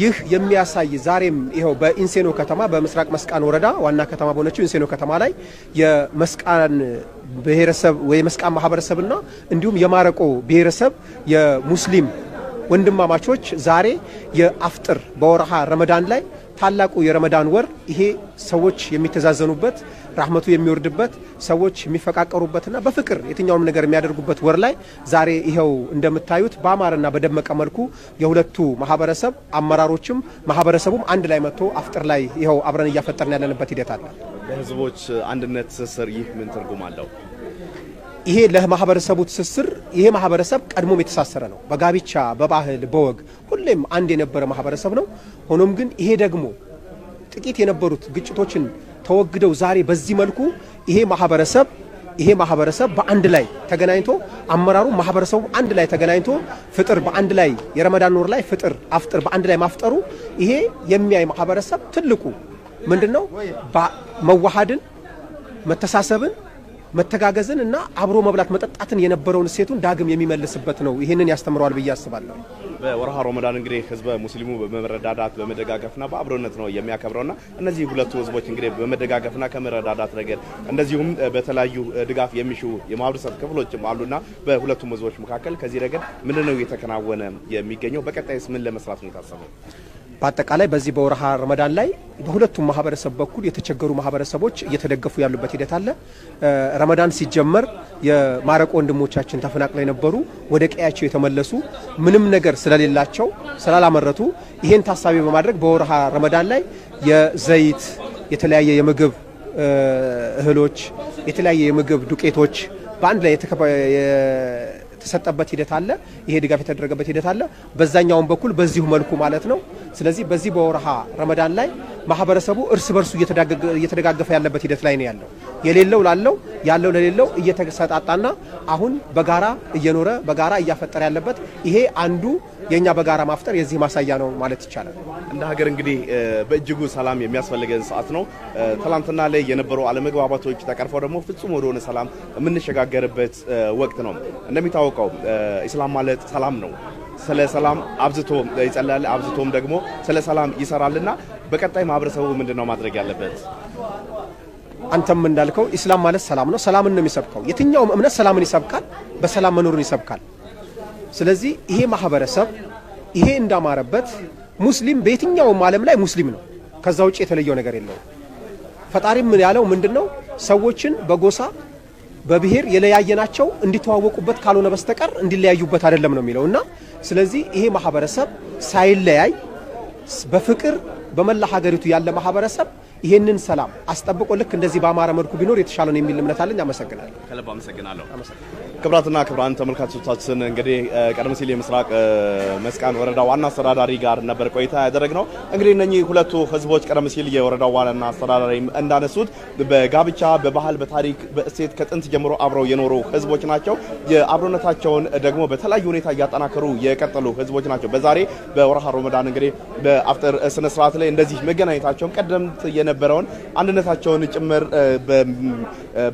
ይህ የሚያሳይ ዛሬም ይኸው በኢንሴኖ ከተማ በምስራቅ መስቃን ወረዳ ዋና ከተማ በሆነችው ኢንሴኖ ከተማ ላይ የመስቃን ብሔረሰብ ወይ መስቃን ማህበረሰብና እንዲሁም የማረቆ ብሔረሰብ የሙስሊም ወንድማማቾች ዛሬ የአፍጥር በወርሃ ረመዳን ላይ ታላቁ የረመዳን ወር ይሄ ሰዎች የሚተዛዘኑበት ራህመቱ የሚወርድበት ሰዎች የሚፈቃቀሩበትና በፍቅር የትኛውም ነገር የሚያደርጉበት ወር ላይ ዛሬ ይኸው እንደምታዩት በአማረና በደመቀ መልኩ የሁለቱ ማህበረሰብ አመራሮችም ማህበረሰቡም አንድ ላይ መጥቶ አፍጥር ላይ ይኸው አብረን እያፈጠርን ያለንበት ሂደት አለ። ለህዝቦች አንድነት ትስስር ይህ ምን ትርጉም አለው? ይሄ ለማህበረሰቡ ትስስር ይሄ ማህበረሰብ ቀድሞም የተሳሰረ ነው። በጋብቻ በባህል በወግ ሁሌም አንድ የነበረ ማህበረሰብ ነው። ሆኖም ግን ይሄ ደግሞ ጥቂት የነበሩት ግጭቶችን ተወግደው ዛሬ በዚህ መልኩ ይሄ ማህበረሰብ ይሄ ማህበረሰብ በአንድ ላይ ተገናኝቶ አመራሩ ማህበረሰቡ አንድ ላይ ተገናኝቶ ፍጥር በአንድ ላይ የረመዳን ወር ላይ ፍጥር አፍጥር በአንድ ላይ ማፍጠሩ ይሄ የሚያይ ማህበረሰብ ትልቁ ምንድን ነው መዋሃድን መተሳሰብን መተጋገዝን እና አብሮ መብላት መጠጣትን የነበረውን እሴቱን ዳግም የሚመልስበት ነው። ይህንን ያስተምረዋል ብዬ አስባለሁ። በወርሃ ረመዳን እንግዲህ ህዝበ ሙስሊሙ በመረዳዳት በመደጋገፍና በአብሮነት ነው የሚያከብረውና እነዚህ ሁለቱ ህዝቦች እንግዲህ በመደጋገፍና ከመረዳዳት ረገድ እንደዚሁም በተለያዩ ድጋፍ የሚሹ የማህበረሰብ ክፍሎችም አሉና በሁለቱም ህዝቦች መካከል ከዚህ ረገድ ምንድነው እየተከናወነ የሚገኘው? በቀጣይስ ምን ለመስራት ነው የታሰበው? በአጠቃላይ በዚህ በወርሃ ረመዳን ላይ በሁለቱም ማህበረሰብ በኩል የተቸገሩ ማህበረሰቦች እየተደገፉ ያሉበት ሂደት አለ። ረመዳን ሲጀመር የማረቆ ወንድሞቻችን ተፈናቅለው የነበሩ ወደ ቀያቸው የተመለሱ ምንም ነገር ስለሌላቸው ስላላመረቱ፣ ይሄን ታሳቢ በማድረግ በወርሃ ረመዳን ላይ የዘይት የተለያየ የምግብ እህሎች የተለያየ የምግብ ዱቄቶች በአንድ ላይ የተሰጠበት ሂደት አለ። ይሄ ድጋፍ የተደረገበት ሂደት አለ። በዛኛውም በኩል በዚሁ መልኩ ማለት ነው። ስለዚህ በዚህ በወርሃ ረመዳን ላይ ማህበረሰቡ እርስ በርሱ እየተደጋገፈ ያለበት ሂደት ላይ ነው ያለው። የሌለው ላለው ያለው ለሌለው እየተሰጣጣና አሁን በጋራ እየኖረ በጋራ እያፈጠረ ያለበት ይሄ አንዱ የእኛ በጋራ ማፍጠር የዚህ ማሳያ ነው ማለት ይቻላል። እንደ ሀገር እንግዲህ በእጅጉ ሰላም የሚያስፈልገን ሰዓት ነው። ትላንትና ላይ የነበሩ አለመግባባቶች ተቀርፈው ደግሞ ፍጹም ወደሆነ ሰላም የምንሸጋገርበት ወቅት ነው። እንደሚታወቀው ኢስላም ማለት ሰላም ነው። ስለ ሰላም አብዝቶ ይጸላል፣ አብዝቶም ደግሞ ስለ ሰላም ይሰራልና በቀጣይ ማህበረሰቡ ምንድን ነው ማድረግ ያለበት? አንተም እንዳልከው ኢስላም ማለት ሰላም ነው። ሰላምን ነው የሚሰብከው። የትኛውም እምነት ሰላምን ይሰብካል፣ በሰላም መኖርን ይሰብካል። ስለዚህ ይሄ ማህበረሰብ ይሄ እንዳማረበት ሙስሊም በየትኛውም ዓለም ላይ ሙስሊም ነው። ከዛ ውጭ የተለየው ነገር የለውም። ፈጣሪም ያለው ምንድን ነው ሰዎችን በጎሳ በብሔር የለያየናቸው እንዲተዋወቁበት ካልሆነ በስተቀር እንዲለያዩበት አይደለም ነው የሚለው እና ስለዚህ ይሄ ማህበረሰብ ሳይለያይ በፍቅር በመላ ሀገሪቱ ያለ ማህበረሰብ ይህንን ሰላም አስጠብቆ ልክ እንደዚህ በአማረ መልኩ ቢኖር የተሻለ ነው የሚል እምነት አለኝ። አመሰግናለሁ። ከልብ አመሰግናለሁ። ክብራትና ክብራን ተመልካቾቻችን እንግዲህ ቀደም ሲል የምስራቅ መስቃን ወረዳ ዋና አስተዳዳሪ ጋር ነበር ቆይታ ያደረግነው። እንግዲህ እነኚህ ሁለቱ ህዝቦች ቀደም ሲል የወረዳው ዋና አስተዳዳሪ እንዳነሱት በጋብቻ በባህል፣ በታሪክ፣ በእሴት ከጥንት ጀምሮ አብረው የኖሩ ህዝቦች ናቸው። የአብሮነታቸውን ደግሞ በተለያዩ ሁኔታ እያጠናከሩ የቀጠሉ ህዝቦች ናቸው። በዛሬ በወርሃ ሮመዳን እንግዲህ በአፍጥር ስነስርዓት ላይ እንደዚህ መገናኘታቸውን ቀደምት የነበረውን አንድነታቸውን ጭምር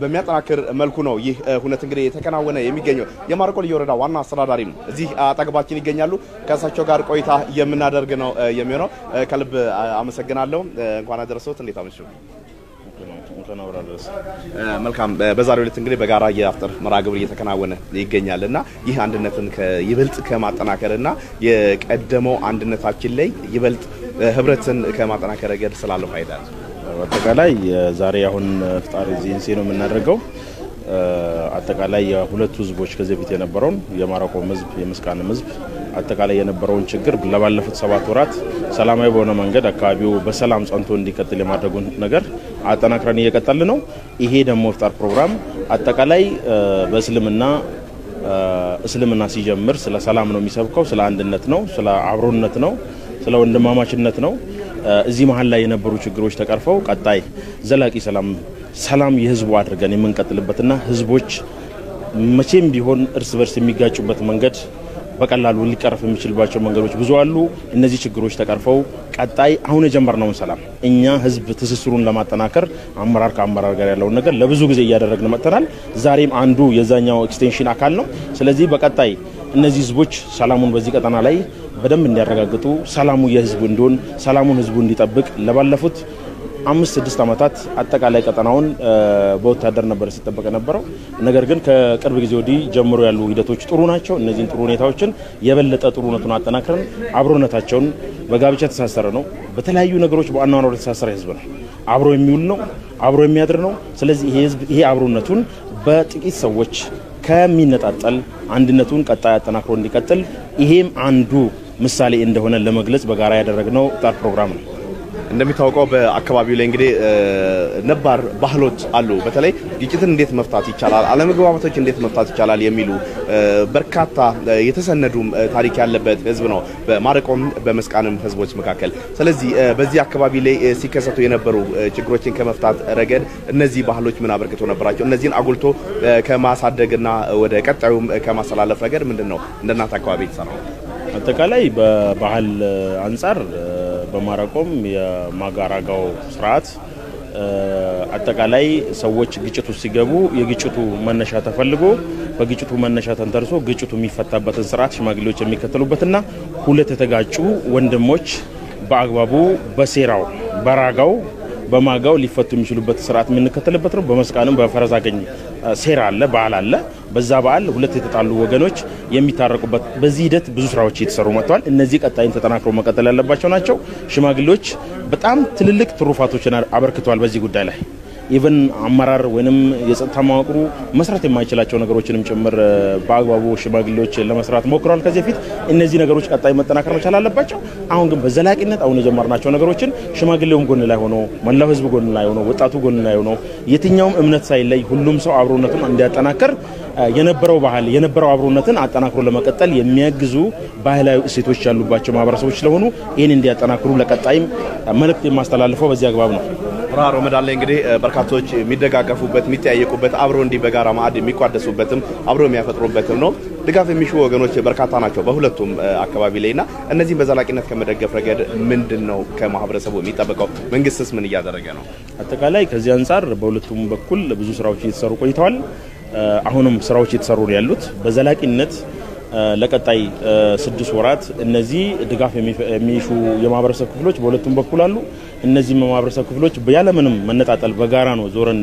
በሚያጠናክር መልኩ ነው ይህ ሁነት እንግዲህ የተከናወነ እየከናወነ የሚገኘው የማረቆ ልዩ ወረዳ ዋና አስተዳዳሪ እዚህ አጠገባችን ይገኛሉ። ከእሳቸው ጋር ቆይታ የምናደርግ ነው የሚሆነው። ከልብ አመሰግናለሁ። እንኳን አደረሰዎት። እንዴት አመሹ? መልካም። በዛሬው ዕለት እንግዲህ በጋራ የኢፍጣር መርሃ ግብር እየተከናወነ ይገኛል እና ይህ አንድነትን ይበልጥ ከማጠናከር እና የቀደመው አንድነታችን ላይ ይበልጥ ህብረትን ከማጠናከር ረገድ ስላለው ፋይዳ በአጠቃላይ ዛሬ አሁን ኢፍጣር እዚህ ነው የምናደርገው አጠቃላይ የሁለቱ ህዝቦች ከዚህ በፊት የነበረውን የማረቆም ህዝብ የምስቃንም ህዝብ አጠቃላይ የነበረውን ችግር ለባለፉት ሰባት ወራት ሰላማዊ በሆነ መንገድ አካባቢው በሰላም ጸንቶ እንዲቀጥል የማድረጉን ነገር አጠናክረን እየቀጠል ነው። ይሄ ደግሞ ፍጣር ፕሮግራም አጠቃላይ በእስልምና እስልምና ሲጀምር ስለ ሰላም ነው የሚሰብከው፣ ስለ አንድነት ነው፣ ስለ አብሮነት ነው፣ ስለ ወንድማማችነት ነው። እዚህ መሀል ላይ የነበሩ ችግሮች ተቀርፈው ቀጣይ ዘላቂ ሰላም ሰላም የህዝቡ አድርገን የምንቀጥልበትና ህዝቦች መቼም ቢሆን እርስ በርስ የሚጋጩበት መንገድ በቀላሉ ሊቀረፍ የሚችልባቸው መንገዶች ብዙ አሉ። እነዚህ ችግሮች ተቀርፈው ቀጣይ አሁን የጀመርነውን ሰላም እኛ ህዝብ ትስስሩን ለማጠናከር አመራር ከአመራር ጋር ያለውን ነገር ለብዙ ጊዜ እያደረግን መጥተናል። ዛሬም አንዱ የዛኛው ኤክስቴንሽን አካል ነው። ስለዚህ በቀጣይ እነዚህ ህዝቦች ሰላሙን በዚህ ቀጠና ላይ በደንብ እንዲያረጋግጡ፣ ሰላሙ የህዝብ እንዲሆን፣ ሰላሙን ህዝቡ እንዲጠብቅ ለባለፉት አምስት ስድስት ዓመታት አጠቃላይ ቀጠናውን በወታደር ነበር ሲጠበቅ ነበረው ነገር ግን ከቅርብ ጊዜ ወዲህ ጀምሮ ያሉ ሂደቶች ጥሩ ናቸው። እነዚህን ጥሩ ሁኔታዎችን የበለጠ ጥሩነቱን አጠናክረን አብሮነታቸውን በጋብቻ የተሳሰረ ነው። በተለያዩ ነገሮች በአኗኗር የተሳሰረ ህዝብ ነው። አብሮ የሚውል ነው። አብሮ የሚያድር ነው። ስለዚህ ይሄ ህዝብ ይሄ አብሮነቱን በጥቂት ሰዎች ከሚነጣጠል አንድነቱን ቀጣይ አጠናክሮ እንዲቀጥል ይሄም አንዱ ምሳሌ እንደሆነ ለመግለጽ በጋራ ያደረግነው ጣር ፕሮግራም ነው። እንደሚታወቀው በአካባቢው ላይ እንግዲህ ነባር ባህሎች አሉ። በተለይ ግጭትን እንዴት መፍታት ይቻላል፣ አለመግባባቶች እንዴት መፍታት ይቻላል የሚሉ በርካታ የተሰነዱም ታሪክ ያለበት ህዝብ ነው በማረቆም በመስቃንም ህዝቦች መካከል። ስለዚህ በዚህ አካባቢ ላይ ሲከሰቱ የነበሩ ችግሮችን ከመፍታት ረገድ እነዚህ ባህሎች ምን አበርክቶ ነበራቸው? እነዚህን አጉልቶ ከማሳደግና ወደ ቀጣዩም ከማስተላለፍ ረገድ ምንድን ነው እንደናንተ አካባቢ የተሰራው? አጠቃላይ በባህል አንጻር በማረቆም የማጋራጋው ስርዓት አጠቃላይ ሰዎች ግጭቱ ሲገቡ የግጭቱ መነሻ ተፈልጎ በግጭቱ መነሻ ተንተርሶ ግጭቱ የሚፈታበትን ስርዓት ሽማግሌዎች የሚከተሉበትና ሁለት የተጋጩ ወንድሞች በአግባቡ በሴራው በራጋው በማጋው ሊፈቱ የሚችሉበት ስርዓት የምንከተልበት ነው። በመስቃንም በፈረስ አገኝ ሴራ አለ፣ በዓል አለ። በዛ በዓል ሁለት የተጣሉ ወገኖች የሚታረቁበት በዚህ ሂደት ብዙ ስራዎች እየተሰሩ መጥተዋል። እነዚህ ቀጣይን ተጠናክሮ መቀጠል ያለባቸው ናቸው። ሽማግሌዎች በጣም ትልልቅ ትሩፋቶችን አበርክተዋል በዚህ ጉዳይ ላይ ኢቨን አመራር ወይም የጸጥታ መዋቅሩ መስራት የማይችላቸው ነገሮችንም ጭምር በአግባቡ ሽማግሌዎች ለመስራት ሞክረዋል ከዚህ በፊት። እነዚህ ነገሮች ቀጣይ መጠናከር መቻል አለባቸው። አሁን ግን በዘላቂነት አሁን የጀመርናቸው ነገሮችን ሽማግሌውም ጎን ላይ ሆኖ፣ መላው ሕዝብ ጎን ላይ ሆኖ፣ ወጣቱ ጎን ላይ ሆኖ፣ የትኛውም እምነት ሳይለይ ሁሉም ሰው አብሮነቱን እንዲያጠናከር የነበረው ባህል የነበረው አብሮነትን አጠናክሮ ለመቀጠል የሚያግዙ ባህላዊ እሴቶች ያሉባቸው ማህበረሰቦች ስለሆኑ ይህን እንዲያጠናክሩ ለቀጣይም መልእክት የማስተላልፈው በዚህ አግባብ ነው። ወርሃ ረመዳን ላይ እንግዲህ በርካቶች የሚደጋገፉበት፣ የሚጠያየቁበት አብሮ እንዲህ በጋራ ማዕድ የሚቋደሱበትም አብሮ የሚያፈጥሩበትም ነው። ድጋፍ የሚሹ ወገኖች በርካታ ናቸው በሁለቱም አካባቢ ላይ እና እነዚህም በዘላቂነት ከመደገፍ ረገድ ምንድን ነው ከማህበረሰቡ የሚጠበቀው? መንግስትስ ምን እያደረገ ነው? አጠቃላይ ከዚህ አንጻር በሁለቱም በኩል ብዙ ስራዎች እየተሰሩ ቆይተዋል። አሁንም ስራዎች እየተሰሩ ነው ያሉት። በዘላቂነት ለቀጣይ ስድስት ወራት እነዚህ ድጋፍ የሚሹ የማህበረሰብ ክፍሎች በሁለቱም በኩል አሉ። እነዚህ የማህበረሰብ ክፍሎች ያለምንም መነጣጠል በጋራ ነው ዞረን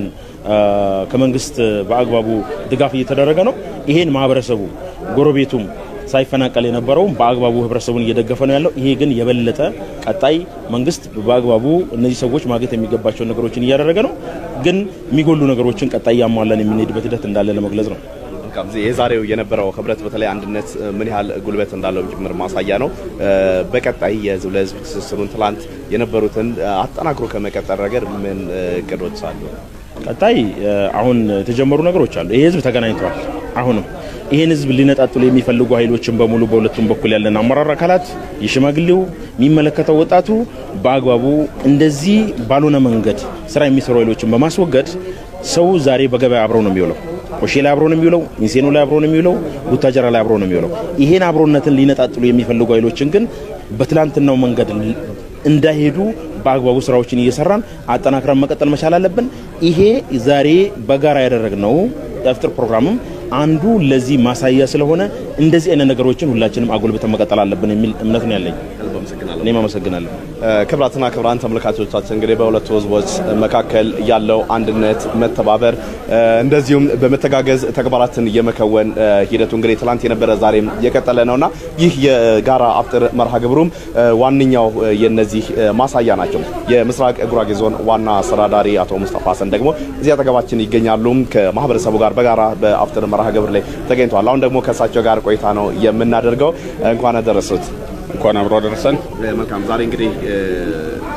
ከመንግስት በአግባቡ ድጋፍ እየተደረገ ነው። ይሄን ማህበረሰቡ ጎረቤቱም ሳይፈናቀል የነበረው በአግባቡ ህብረተሰቡን እየደገፈ ነው ያለው። ይሄ ግን የበለጠ ቀጣይ መንግስት በአግባቡ እነዚህ ሰዎች ማግኘት የሚገባቸውን ነገሮችን እያደረገ ነው፣ ግን የሚጎሉ ነገሮችን ቀጣይ እያሟላን የምንሄድበት ሂደት እንዳለ ለመግለጽ ነው። የዛሬው የነበረው ህብረት በተለይ አንድነት ምን ያህል ጉልበት እንዳለው ጭምር ማሳያ ነው። በቀጣይ የህዝብ ለህዝብ ትስስሩን ትላንት የነበሩትን አጠናክሮ ከመቀጠል ረገድ ምን እቅዶች አሉ? ቀጣይ አሁን የተጀመሩ ነገሮች አሉ። ይህ ህዝብ ተገናኝተዋል። አሁንም ይህን ህዝብ ሊነጣጥሉ የሚፈልጉ ኃይሎችን በሙሉ በሁለቱም በኩል ያለን አመራር አካላት፣ የሽማግሌው፣ የሚመለከተው ወጣቱ በአግባቡ እንደዚህ ባልሆነ መንገድ ስራ የሚሰሩ ኃይሎችን በማስወገድ ሰው ዛሬ በገበያ አብረው ነው የሚውለው። ኦሼ ላይ አብሮ ነው የሚውለው። ኢንሴኖ ላይ አብሮ ነው የሚውለው። ቡታጀራ ላይ አብሮ ነው የሚውለው። ይሄን አብሮነትን ሊነጣጥሉ የሚፈልጉ ኃይሎችን ግን በትላንትናው መንገድ እንዳይሄዱ በአግባቡ ስራዎችን እየሰራን አጠናክረን መቀጠል መቻል አለብን። ይሄ ዛሬ በጋራ ያደረግነው የኢፍጣር ፕሮግራምም አንዱ ለዚህ ማሳያ ስለሆነ እንደዚህ አይነት ነገሮችን ሁላችንም አጎልብተን መቀጠል አለብን የሚል እምነት ነው ያለኝ። እኔም አመሰግናለሁ። ክብራትና ክብራን ተመልካቾቻችን እንግዲህ በሁለቱ ህዝቦች መካከል ያለው አንድነት፣ መተባበር እንደዚሁም በመተጋገዝ ተግባራትን የመከወን ሂደቱ እንግዲህ ትላንት የነበረ ዛሬም የቀጠለ ነውና ይህ የጋራ አፍጥር መርሃ ግብሩም ዋነኛው የነዚህ ማሳያ ናቸው። የምስራቅ ጉራጌ ዞን ዋና አስተዳዳሪ አቶ ሙስጠፋ ሰን ደግሞ እዚያ አጠገባችን ይገኛሉ። ከማህበረሰቡ ጋር በጋራ በአፍጥር መርሃ ግብር ላይ ተገኝተዋል። አሁን ደግሞ ከእሳቸው ጋር ቆይታ ነው የምናደርገው። እንኳን አደረሱት። እንኳን አብሮ አደረሰን። መልካም። ዛሬ እንግዲህ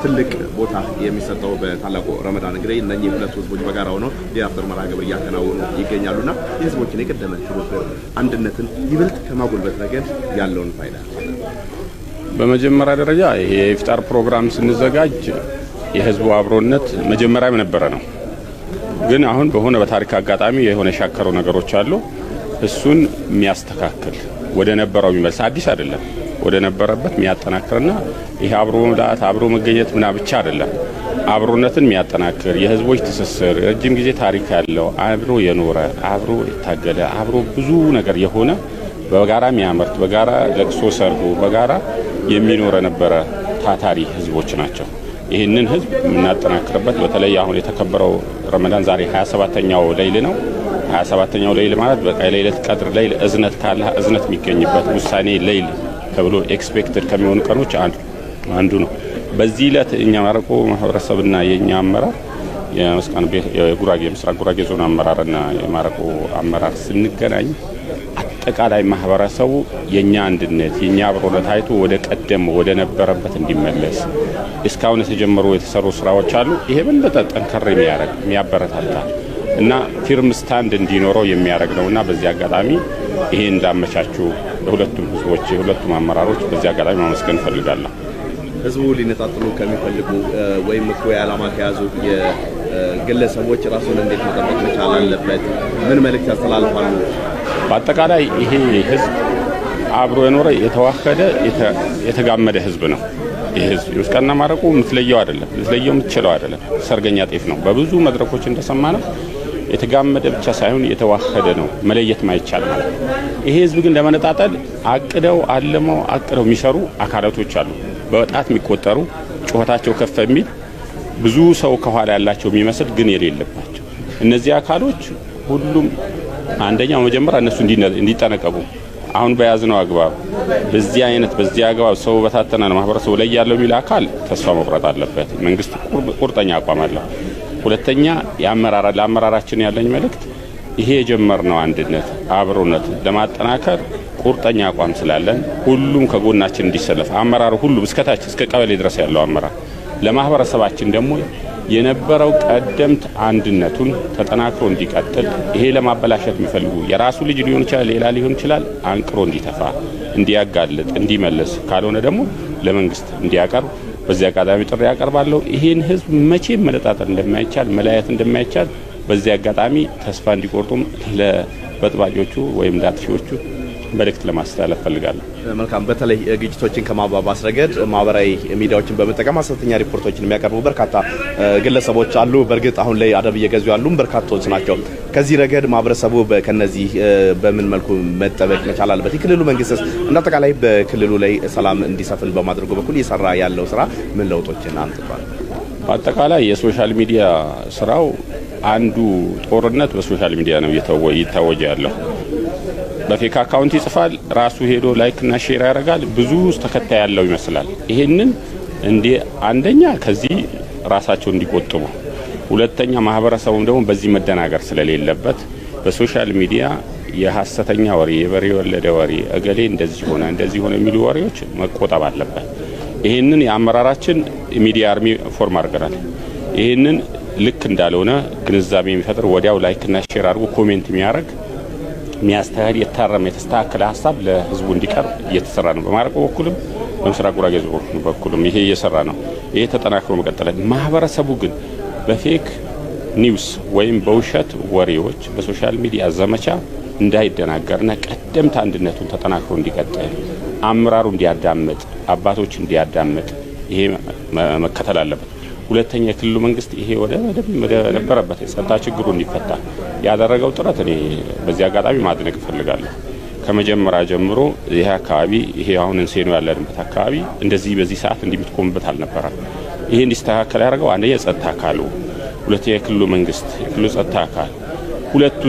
ትልቅ ቦታ የሚሰጠው በታላቁ ረመዳን እንግዲህ እነኚህ ሁለቱ ህዝቦች በጋራ ሆነው የኢፍጣር መርሃ ግብር እያከናወኑ ይገኛሉና የህዝቦችን የቀደመ ትብብር አንድነትን ይበልጥ ከማጎልበት ረገድ ያለውን ፋይዳ በመጀመሪያ ደረጃ ይሄ የኢፍጣር ፕሮግራም ስንዘጋጅ የህዝቡ አብሮነት መጀመሪያም የነበረ ነው ግን አሁን በሆነ በታሪክ አጋጣሚ የሆነ የሻከሩ ነገሮች አሉ። እሱን የሚያስተካክል ወደ ነበረው የሚመልስ አዲስ አይደለም፣ ወደ ነበረበት የሚያጠናክርና ይሄ አብሮ መብላት አብሮ መገኘት ምና ብቻ አይደለም፣ አብሮነትን የሚያጠናክር የህዝቦች ትስስር ረጅም ጊዜ ታሪክ ያለው አብሮ የኖረ አብሮ የታገለ አብሮ ብዙ ነገር የሆነ በጋራ የሚያመርት በጋራ ለቅሶ ሰርጎ በጋራ የሚኖረ ነበረ ታታሪ ህዝቦች ናቸው። ይህንን ህዝብ የምናጠናክርበት በተለይ አሁን የተከበረው ረመዳን ዛሬ 27ተኛው ሌይል ነው። 27ተኛው ሌይል ማለት በቃ የለይለት ቀድር ሌይል እዝነት ካለ እዝነት የሚገኝበት ውሳኔ ሌይል ተብሎ ኤክስፔክትድ ከሚሆኑ ቀኖች አንዱ ነው። በዚህ ዕለት እኛ ማረቆ ማህበረሰብና የእኛ አመራር የምስራቅ ጉራጌ ዞን አመራርና የማረቆ አመራር ስንገናኝ አጠቃላይ ማህበረሰቡ የእኛ አንድነት የእኛ አብሮነት አይቶ ወደ ቀደም ወደ ነበረበት እንዲመለስ እስካሁን የተጀመሩ የተሰሩ ስራዎች አሉ። ይሄ በለጠ ጠንከር የሚያደርግ የሚያበረታታ እና ፊርም ስታንድ እንዲኖረው የሚያደርግ ነው እና በዚህ አጋጣሚ ይሄ እንዳመቻችሁ ለሁለቱም ህዝቦች የሁለቱም አመራሮች በዚህ አጋጣሚ ማመስገን እፈልጋለሁ። ህዝቡ ሊነጣጥሉ ከሚፈልጉ ወይም እኮ የዓላማ ከያዙ የግለሰቦች ራሱን እንዴት መጠበቅ መቻል አለበት? ምን መልእክት ያስተላልፋሉ? በአጠቃላይ ይሄ ህዝብ አብሮ የኖረ የተዋከደ የተጋመደ ህዝብ ነው። ይህ ህዝብ ማረቁ የምትለየው አይደለም፣ ምትለየው የምትችለው አይደለም። ሰርገኛ ጤፍ ነው። በብዙ መድረኮች እንደሰማ ነው የተጋመደ ብቻ ሳይሆን የተዋከደ ነው። መለየት ማይቻል ማለት ይሄ ህዝብ ግን ለመነጣጠል አቅደው አልመው አቅደው የሚሰሩ አካላቶች አሉ። በጣት የሚቆጠሩ ጩኸታቸው ከፍ የሚል ብዙ ሰው ከኋላ ያላቸው የሚመስል ግን የሌለባቸው እነዚህ አካሎች ሁሉም አንደኛው መጀመሪያ እነሱ እንዲጠነቀቁ አሁን በያዝነው አግባብ በዚህ አይነት በዚህ አግባብ ሰው በታተነ ማህበረሰቡ ላይ ያለው የሚል አካል ተስፋ መቁረጥ አለበት። መንግስት ቁርጠኛ አቋም አለው። ሁለተኛ ለአመራራችን ያለኝ መልእክት ይሄ የጀመርነው አንድነት፣ አብሮነት ለማጠናከር ቁርጠኛ አቋም ስላለን ሁሉም ከጎናችን እንዲሰለፍ አመራሩ ሁሉም እስከታች እስከ ቀበሌ ድረስ ያለው አመራር ለማህበረሰባችን ደግሞ የነበረው ቀደምት አንድነቱን ተጠናክሮ እንዲቀጥል ይሄ ለማበላሸት የሚፈልጉ የራሱ ልጅ ሊሆን ይችላል፣ ሌላ ሊሆን ይችላል፣ አንቅሮ እንዲተፋ፣ እንዲያጋልጥ፣ እንዲመልስ ካልሆነ ደግሞ ለመንግስት እንዲያቀርብ በዚህ አጋጣሚ ጥሪ ያቀርባለሁ። ይህን ህዝብ መቼም መለጣጠር እንደማይቻል፣ መለያየት እንደማይቻል በዚህ አጋጣሚ ተስፋ እንዲቆርጡም ለበጥባጮቹ ወይም ላጥፊዎቹ መልእክት ለማስተላለፍ ፈልጋለሁ። መልካም። በተለይ ግጭቶችን ከማባባስ ረገድ ማህበራዊ ሚዲያዎችን በመጠቀም ሀሰተኛ ሪፖርቶችን የሚያቀርቡ በርካታ ግለሰቦች አሉ። በእርግጥ አሁን ላይ አደብ እየገዙ ያሉም በርካቶች ናቸው። ከዚህ ረገድ ማህበረሰቡ ከነዚህ በምን መልኩ መጠበቅ መቻል አለበት? የክልሉ መንግስትስ እንዳጠቃላይ በክልሉ ላይ ሰላም እንዲሰፍን በማድረጉ በኩል እየሰራ ያለው ስራ ምን ለውጦችን አምጥቷል? በአጠቃላይ የሶሻል ሚዲያ ስራው አንዱ ጦርነት በሶሻል ሚዲያ ነው እየታወጀ ያለው በፌካ አካውንት ይጽፋል። ራሱ ሄዶ ላይክና ሼር ያደርጋል። ብዙ ተከታይ ያለው ይመስላል። ይሄንን እንዲ አንደኛ ከዚህ ራሳቸው እንዲቆጥቡ፣ ሁለተኛ ማህበረሰቡም ደግሞ በዚህ መደናገር ስለሌለበት በሶሻል ሚዲያ የሀሰተኛ ወሬ፣ የበሬ የወለደ ወሬ፣ እገሌ እንደዚህ ሆነ እንደዚህ ሆነ የሚሉ ወሬዎች መቆጠብ አለበት። ይህንን የአመራራችን ሚዲያ አርሚ ፎርም አድርገናል። ይህንን ልክ እንዳልሆነ ግንዛቤ የሚፈጥር ወዲያው ላይክና ሼር አድርጎ ኮሜንት የሚያደርግ የሚያስተህል የታረመ የተስተካከለ ሀሳብ ለህዝቡ እንዲቀርብ እየተሰራ ነው። በማረቆ በኩልም በምስራቅ ጉራጌ ዞን በኩልም ይሄ እየሰራ ነው። ይሄ ተጠናክሮ መቀጠል። ማህበረሰቡ ግን በፌክ ኒውስ ወይም በውሸት ወሬዎች በሶሻል ሚዲያ ዘመቻ እንዳይደናገርና ቀደምት አንድነቱን ተጠናክሮ እንዲቀጥል አመራሩ እንዲያዳምጥ፣ አባቶች እንዲያዳምጥ ይሄ መከተል አለበት። ሁለተኛ የክልሉ መንግስት ይሄ ወደ ነበረበት የጸጥታ ችግሩ እንዲፈታ ያደረገው ጥረት እኔ በዚህ አጋጣሚ ማድነቅ እፈልጋለሁ። ከመጀመሪያ ጀምሮ ይህ አካባቢ ይሄ አሁን እንሴኖ ያለንበት አካባቢ እንደዚህ በዚህ ሰዓት እንዲምትቆምበት አልነበረም። ይሄ እንዲስተካከል ያደረገው አንደኛ የጸጥታ አካሉ፣ ሁለተኛ የክልሉ መንግስት የክልሉ ጸጥታ አካል፣ ሁለቱ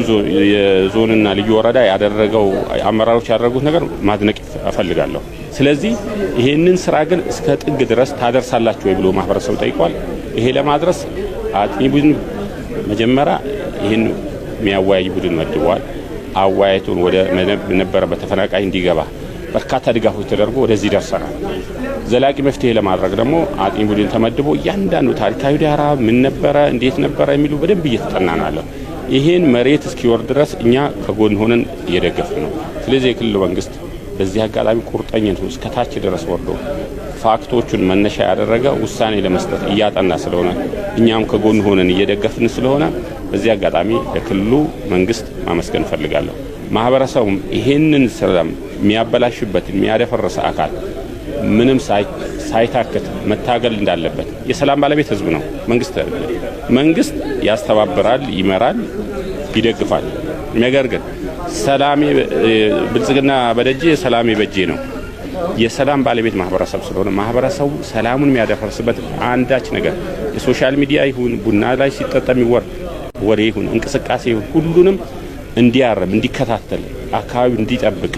የዞንና ልዩ ወረዳ ያደረገው አመራሮች ያደረጉት ነገር ማድነቅ እፈልጋለሁ። ስለዚህ ይሄንን ስራ ግን እስከ ጥግ ድረስ ታደርሳላችሁ ወይ ብሎ ማህበረሰቡ ጠይቋል። ይሄ ለማድረስ አጥኚ ቡድን መጀመሪያ ይህን የሚያወያይ ቡድን መድቧል። አወያየቱን ወደ ነበረ በተፈናቃይ እንዲገባ በርካታ ድጋፎች ተደርጎ ወደዚህ ደርሰናል። ዘላቂ መፍትሄ ለማድረግ ደግሞ አጥኚ ቡድን ተመድቦ እያንዳንዱ ታሪካዊ ዳራ ምን ነበረ፣ እንዴት ነበረ የሚሉ በደንብ ያለው። ይህን መሬት እስኪወርድ ድረስ እኛ ከጎን ሆነን እየደገፍ ነው። ስለዚህ የክልሉ መንግስት በዚህ አጋጣሚ ቁርጠኝነቱ ከታች ድረስ ወርዶ ፋክቶቹን መነሻ ያደረገ ውሳኔ ለመስጠት እያጠና ስለሆነ እኛም ከጎን ሆነን እየደገፍን ስለሆነ በዚህ አጋጣሚ ለክልሉ መንግስት ማመስገን እፈልጋለሁ። ማህበረሰቡም ይህንን ሰላም የሚያበላሽበትን የሚያደፈረሰ አካል ምንም ሳይታክት መታገል እንዳለበት የሰላም ባለቤት ህዝብ ነው። መንግስት መንግስት ያስተባብራል፣ ይመራል፣ ይደግፋል። ነገር ግን ሰላሜ ብልጽግና በደጄ ሰላሜ በጄ ነው። የሰላም ባለቤት ማህበረሰብ ስለሆነ ማህበረሰቡ ሰላሙን የሚያደፈርስበት አንዳች ነገር የሶሻል ሚዲያ ይሁን ቡና ላይ ሲጠጣ የሚወር ወሬ ይሁን እንቅስቃሴ ይሁን ሁሉንም እንዲያርም፣ እንዲከታተል፣ አካባቢው እንዲጠብቅ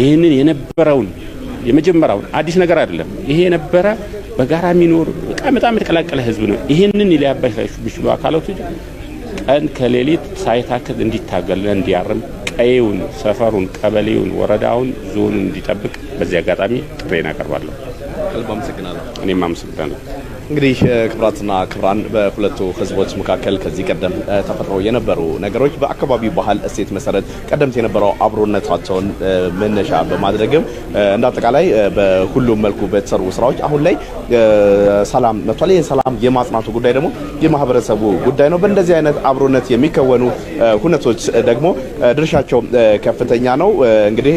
ይህንን የነበረውን የመጀመሪያውን አዲስ ነገር አይደለም። ይሄ የነበረ በጋራ የሚኖር በጣም በጣም የተቀላቀለ ህዝብ ነው። ይህንን ሊያባሽ ቢችሉ አካላቶች ቀን ከሌሊት ሳይታክት እንዲታገልና እንዲያርም ቀዬውን፣ ሰፈሩን፣ ቀበሌውን፣ ወረዳውን፣ ዞኑን እንዲጠብቅ በዚህ አጋጣሚ ጥሬን አቀርባለሁ። እኔም አመሰግናለሁ። እንግዲህ ክብራትና ክብራን በሁለቱ ህዝቦች መካከል ከዚህ ቀደም ተፈጥረው የነበሩ ነገሮች በአካባቢው ባህል እሴት መሰረት ቀደምት የነበረው አብሮነታቸውን መነሻ በማድረግም እንደ አጠቃላይ በሁሉም መልኩ በተሰሩ ስራዎች አሁን ላይ ሰላም መጥቷል። ይህን ሰላም የማጽናቱ ጉዳይ ደግሞ የማህበረሰቡ ጉዳይ ነው። በእንደዚህ አይነት አብሮነት የሚከወኑ ሁነቶች ደግሞ ድርሻቸው ከፍተኛ ነው። እንግዲህ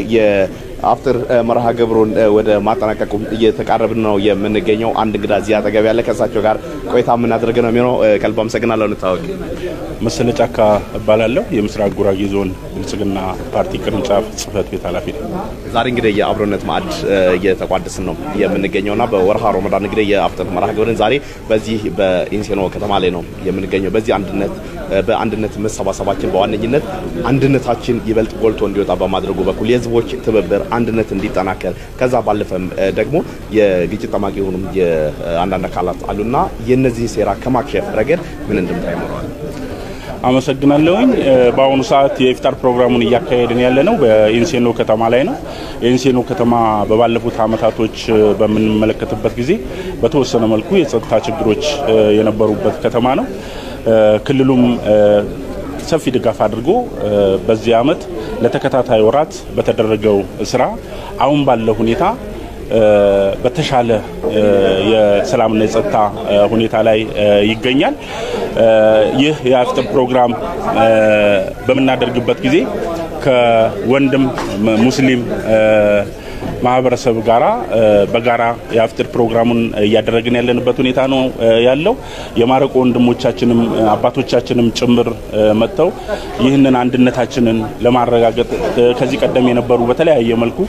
አፍጥር መርሃ ግብሩን ወደ ማጠናቀቁ እየተቃረብን ነው የምንገኘው። አንድ እንግዳ እዚህ አጠገብ ያለ ከእሳቸው ጋር ቆይታ የምናደርግ ነው የሚሆነው። ከልብ አመሰግናለሁ። እንታወቅ። መሰለ ጫካ እባላለሁ። የምስራቅ ጉራጌ ዞን ብልጽግና ፓርቲ ቅርንጫፍ ጽህፈት ቤት ኃላፊ ነው። ዛሬ እንግዲህ የአብሮነት ማዕድ እየተቋደስን ነው የምንገኘውና በወርሃ ሮመዳን እንግዲህ የአፍተር መርሃ ግብርን ዛሬ በዚህ በኢንሴኖ ከተማ ላይ ነው የምንገኘው። በዚህ አንድነት በአንድነት መሰባሰባችን በዋነኝነት አንድነታችን ይበልጥ ጎልቶ እንዲወጣ በማድረጉ በኩል የህዝቦች ትብብር አንድነት እንዲጠናከር ከዛ ባለፈም ደግሞ የግጭት ጠማቂ የሆኑም የአንዳንድ አካላት አሉና የእነዚህ ሴራ ከማክሸፍ ረገድ ምን እንድምታ ይኖረዋል? አመሰግናለሁኝ። በአሁኑ ሰዓት የኢፍጣር ፕሮግራሙን እያካሄድን ያለ ነው በኢንሴኖ ከተማ ላይ ነው። የኢንሴኖ ከተማ በባለፉት አመታቶች በምንመለከትበት ጊዜ በተወሰነ መልኩ የጸጥታ ችግሮች የነበሩበት ከተማ ነው። ክልሉም ሰፊ ድጋፍ አድርጎ በዚህ አመት ለተከታታይ ወራት በተደረገው ስራ አሁን ባለው ሁኔታ በተሻለ የሰላምና የጸጥታ ሁኔታ ላይ ይገኛል። ይህ የአፍጥር ፕሮግራም በምናደርግበት ጊዜ ከወንድም ሙስሊም ማህበረሰብ ጋራ በጋራ የአፍትር ፕሮግራሙን እያደረግን ያለንበት ሁኔታ ነው ያለው። የማረቆ ወንድሞቻችንም አባቶቻችንም ጭምር መጥተው ይህንን አንድነታችንን ለማረጋገጥ ከዚህ ቀደም የነበሩ በተለያየ መልኩ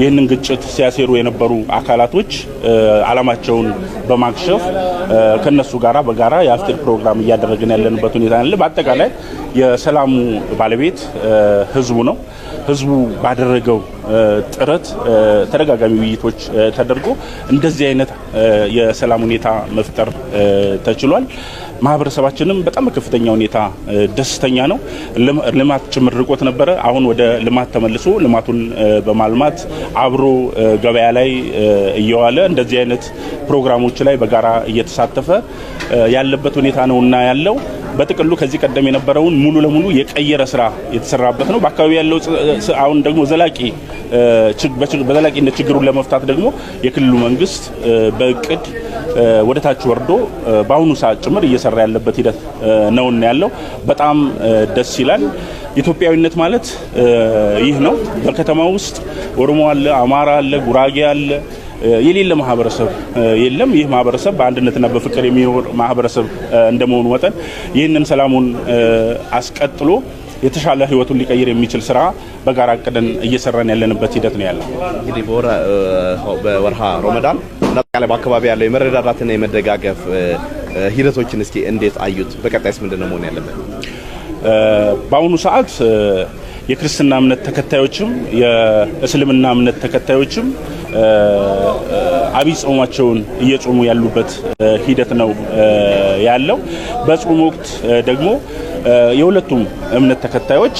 ይህንን ግጭት ሲያሴሩ የነበሩ አካላቶች አላማቸውን በማክሸፍ ከነሱ ጋራ በጋራ የአፍጢር ፕሮግራም እያደረግን ያለንበት ሁኔታ ያለ። በአጠቃላይ የሰላሙ ባለቤት ህዝቡ ነው። ህዝቡ ባደረገው ጥረት ተደጋጋሚ ውይይቶች ተደርጎ እንደዚህ አይነት የሰላም ሁኔታ መፍጠር ተችሏል። ማህበረሰባችንም በጣም በከፍተኛ ሁኔታ ደስተኛ ነው። ልማት ጭምር ርቆት ነበረ። አሁን ወደ ልማት ተመልሶ ልማቱን በማልማት አብሮ ገበያ ላይ እየዋለ እንደዚህ አይነት ፕሮግራሞች ላይ በጋራ እየተሳተፈ ያለበት ሁኔታ ነው እና ያለው በጥቅሉ ከዚህ ቀደም የነበረውን ሙሉ ለሙሉ የቀየረ ስራ የተሰራበት ነው። በአካባቢ ያለው አሁን ደግሞ ዘላቂ በዘላቂነት ችግሩን ለመፍታት ደግሞ የክልሉ መንግስት በእቅድ ወደ ታች ወርዶ በአሁኑ ሰዓት ጭምር እየሰራ ያለበት ሂደት ነውና ያለው በጣም ደስ ይላል። ኢትዮጵያዊነት ማለት ይህ ነው። በከተማ ውስጥ ኦሮሞ አለ፣ አማራ አለ፣ ጉራጌ አለ የሌለ ማህበረሰብ የለም። ይህ ማህበረሰብ በአንድነትና በፍቅር የሚኖር ማህበረሰብ እንደመሆኑ መጠን ይህንን ሰላሙን አስቀጥሎ የተሻለ ህይወቱን ሊቀይር የሚችል ስራ በጋራ አቅደን እየሰራን ያለንበት ሂደት ነው ያለው። እንግዲህ በወርሃ ሮመዳን እና ጠቃላይ በአካባቢ ያለው የመረዳዳትና የመደጋገፍ ሂደቶችን እስኪ እንዴት አዩት? በቀጣይስ ምንድን ነው መሆን ያለበት? በአሁኑ ሰዓት የክርስትና እምነት ተከታዮችም የእስልምና እምነት ተከታዮችም አብይ ጾማቸውን እየጾሙ ያሉበት ሂደት ነው ያለው። በጾም ወቅት ደግሞ የሁለቱም እምነት ተከታዮች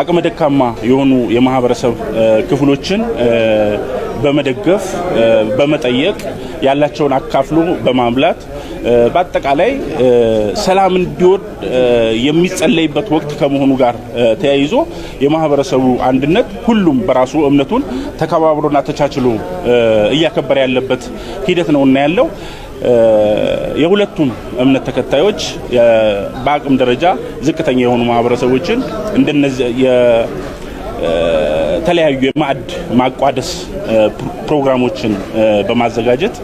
አቅመ ደካማ የሆኑ የማህበረሰብ ክፍሎችን በመደገፍ በመጠየቅ ያላቸውን አካፍሎ በማብላት በአጠቃላይ ሰላም እንዲወርድ የሚጸለይበት ወቅት ከመሆኑ ጋር ተያይዞ የማህበረሰቡ አንድነት ሁሉም በራሱ እምነቱን ተከባብሮና ተቻችሎ እያከበረ ያለበት ሂደት ነው እና ያለው የሁለቱም እምነት ተከታዮች በአቅም ደረጃ ዝቅተኛ የሆኑ ማህበረሰቦችን እንደነዚህ የተለያዩ የማዕድ ማቋደስ ፕሮግራሞችን በማዘጋጀት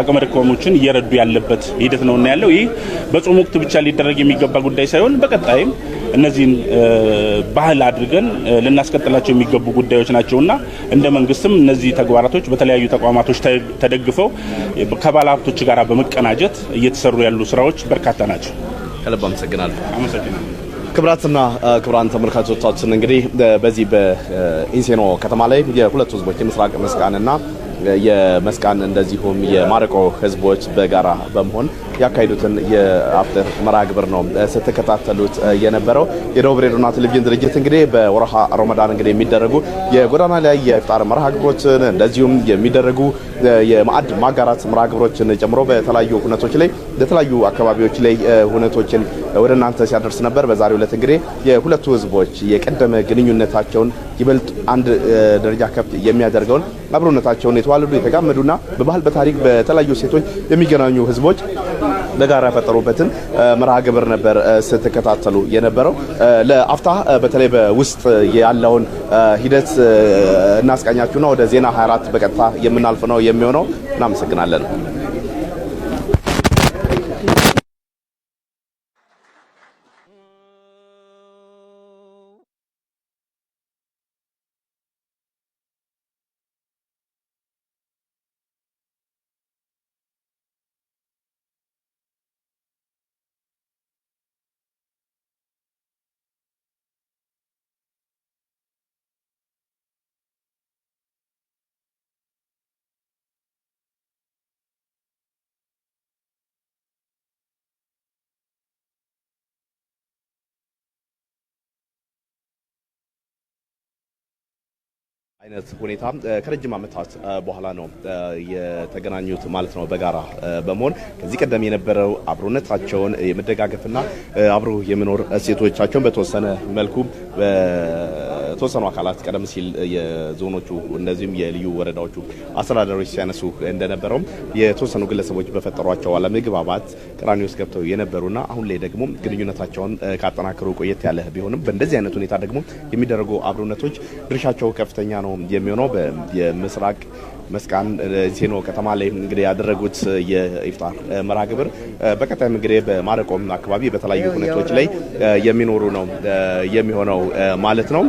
አቅመ ደካሞችን እየረዱ ያለበት ሂደት ነው ያለው ይህ በጾም ወቅት ብቻ ሊደረግ የሚገባ ጉዳይ ሳይሆን በቀጣይም እነዚህን ባህል አድርገን ልናስቀጥላቸው የሚገቡ ጉዳዮች ናቸውና እንደ መንግስትም እነዚህ ተግባራቶች በተለያዩ ተቋማቶች ተደግፈው ከባለ ሀብቶች ጋር በመቀናጀት እየተሰሩ ያሉ ስራዎች በርካታ ናቸው። ከልብ አመሰግናለሁ። አመሰግናለሁ። ክብራትና ክብራን ተመልካቾቻችን እንግዲህ በዚህ በኢንሴኖ ከተማ ላይ የሁለቱ ህዝቦች የምስራቅ ምስቃንና የመስቃን እንደዚሁም የማረቆ ህዝቦች በጋራ በመሆን ያካሄዱትን የአፍጥር መርሃ ግብር ነው ስትከታተሉት የነበረው። የደቡብ ሬዲዮና ቴሌቪዥን ድርጅት እንግዲህ በወርሃ ረመዳን እንግዲህ የሚደረጉ የጎዳና ላይ የፍጣር መርሃ ግብሮችን እንደዚሁም የሚደረጉ የማዕድ ማጋራት መርሃ ግብሮችን ጨምሮ በተለያዩ ሁነቶች ላይ በተለያዩ አካባቢዎች ላይ ሁነቶችን ወደ እናንተ ሲያደርስ ነበር። በዛሬው ዕለት እንግዲህ የሁለቱ ህዝቦች የቀደመ ግንኙነታቸውን ይበልጥ አንድ ደረጃ ከፍ የሚያደርገውን አብሮነታቸውን የተዋለዱ የተጋመዱና በባህል በታሪክ በተለያዩ ሴቶች የሚገናኙ ህዝቦች በጋራ ያፈጠሩበትን መርሃ ግብር ነበር ስትከታተሉ የነበረው። ለአፍታ በተለይ በውስጥ ያለውን ሂደት እናስቃኛችሁና ወደ ዜና 24 በቀጥታ የምናልፍ ነው የሚሆነው። እናመሰግናለን። አይነት ሁኔታ ከረጅም ዓመታት በኋላ ነው የተገናኙት ማለት ነው። በጋራ በመሆን ከዚህ ቀደም የነበረው አብሮነታቸውን የመደጋገፍና አብሮ የመኖር እሴቶቻቸውን በተወሰነ መልኩ የተወሰኑ አካላት ቀደም ሲል የዞኖቹ እንደዚሁም የልዩ ወረዳዎቹ አስተዳዳሪዎች ሲያነሱ እንደነበረውም የተወሰኑ ግለሰቦች በፈጠሯቸው አለመግባባት ቅራኔ ውስጥ ገብተው የነበሩና አሁን ላይ ደግሞ ግንኙነታቸውን ካጠናክሩ ቆየት ያለ ቢሆንም በእንደዚህ አይነት ሁኔታ ደግሞ የሚደረጉ አብሮነቶች ድርሻቸው ከፍተኛ ነው የሚሆነው። የምስራቅ መስቃን ሴኖ ከተማ ላይ እንግዲህ ያደረጉት የኢፍጣር መርሃ ግብር በቀጣይም እንግዲህ በማረቆም አካባቢ በተለያዩ ሁኔታዎች ላይ የሚኖሩ ነው የሚሆነው ማለት ነው።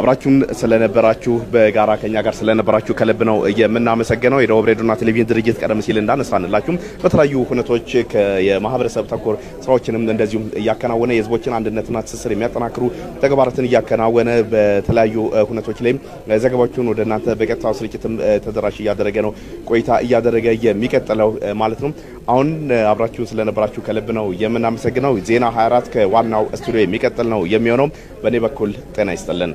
አብራችሁን ስለነበራችሁ በጋራ ከኛ ጋር ስለነበራችሁ ከልብ ነው የምናመሰግነው። የደቡብ ሬዲዮና ቴሌቪዥን ድርጅት ቀደም ሲል እንዳነሳንላችሁም በተለያዩ ሁነቶች የማህበረሰብ ተኮር ስራዎችንም እንደዚሁም እያከናወነ የህዝቦችን አንድነትና ትስስር የሚያጠናክሩ ተግባራትን እያከናወነ በተለያዩ ሁነቶች ላይም ዘገባዎችን ወደ እናንተ በቀጥታ ስርጭትም ተደራሽ እያደረገ ነው ቆይታ እያደረገ የሚቀጥለው ማለት ነው። አሁን አብራችሁን ስለነበራችሁ ከልብ ነው የምናመሰግነው። ዜና 24 ከዋናው ስቱዲዮ የሚቀጥል ነው የሚሆነው። በእኔ በኩል ጤና ይስጥልን።